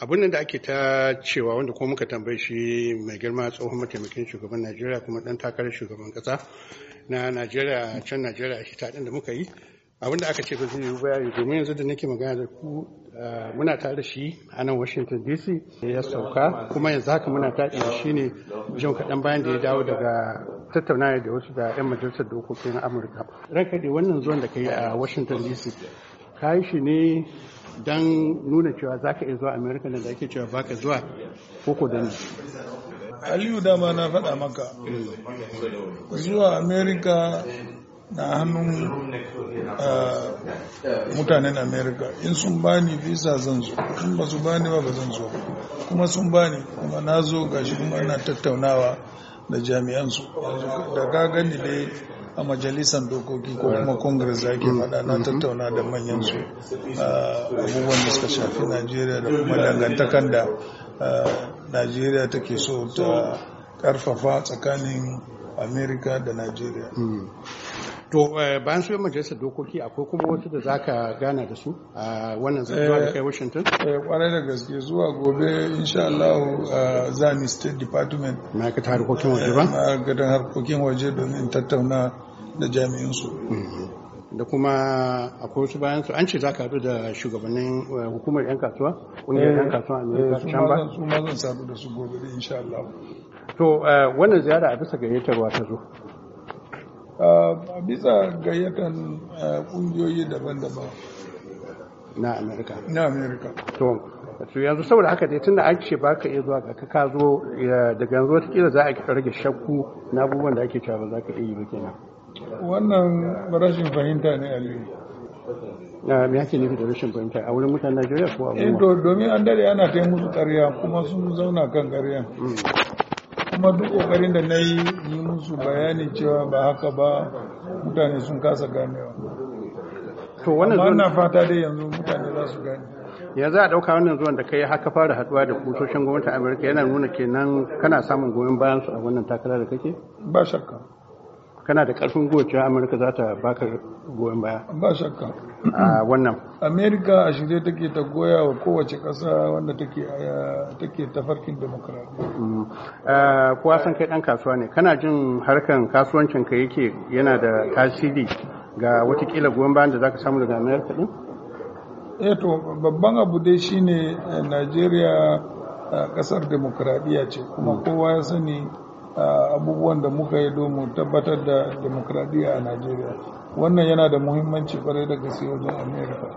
abin da ake ta cewa wanda kuma muka tambaye shi mai girma tsohon mataimakin shugaban najeriya kuma dan takarar shugaban kasa na najeriya can najeriya shi taɗin da muka yi abin da aka ce ba zai yi bayani domin yanzu da nake magana da ku muna tare da shi a nan washington dc ya sauka kuma yanzu haka muna taɗi da shi ne jin kaɗan bayan da ya dawo daga tattaunawa da wasu da 'yan majalisar dokokin amurka ranka dai wannan zuwan da ka yi a washington dc ka yi shi ne don nuna cewa za ka iya zuwa amerika da ake cewa baka zuwa koko da ni aliyu dama na faɗa maka zuwa amerika na hannun ah, mutanen amerika in sun bani visa zan zo in ba su bani ba ba zan zo kuma sun bani kuma na zo gashi kuma ina tattaunawa da jami'ansu da ka gani dai a majalisar dokoki ko kuma congress da ke faɗa na tattauna da manyan su abubuwan da suka shafi najeriya da kuma dangantakan da najeriya take so ta karfafa tsakanin america da najeriya mm. to eh, bayan su majalisar dokoki akwai kuma wasu da zaka gana da su a wannan zuwa da eh, kai Washington kwarai eh, da gaske zuwa gobe insha Allah za mu state department ma'aikatar harkokin waje ba ma'aikatar harkokin waje domin tattauna da jami'in su mm-hmm. da kuma akwai wasu bayan su an ce za ka haɗu da shugabannin hukumar 'yan kasuwa ƙungiyar 'yan kasuwa amerika can ba su ma zan sadu da su gobe insha Allah to wannan ziyara a bisa gayyatarwa ta zo a bisa gayyatar kungiyoyi daban-daban na amerika na amerika to to yanzu saboda haka dai tunda an ce ba ka iya zuwa ga ka zo daga yanzu watakila za a rage shakku na abubuwan da ake cewa ba za ka iya yi ba kenan wannan rashin fahimta ne aliyu na me ne nufi da rashin fahimta a wurin mutanen najeriya ko a wurin eh, domin an dare ana kai musu karya kuma sun zauna kan karya mm. kuma duk ƙoƙarin da na yi yi musu bayani cewa ba haka ba mutane sun kasa ganewa to wannan zuwan fata dai yanzu mutane za su gane ya za a ɗauka wannan zuwan da kai haka fara haɗuwa da kusoshin gwamnatin amurka yana nuna kenan kana samun goyon bayan su a wannan takara da kake ba shakka kana da karfin goyon cewa amurka za ta baka goyon baya ba shakka a wannan amerika a shirye take ta goya wa kowace ƙasa wanda take eh, tafarkin demokuraɗiyya mm. kowa san kai ɗan kasuwa ne kana jin harkan kasuwancin ka yake yana da tasiri ga watakila goyon bayan da za ka samu daga amerika din eh to babban abu dai shine eh, najeriya eh, ƙasar demokradiyya ce kuma mm. kowa ya sani abubuwan da muka yi domin tabbatar da demokradiyya a najeriya wannan yana da muhimmanci kwarai da gaske wajen amerika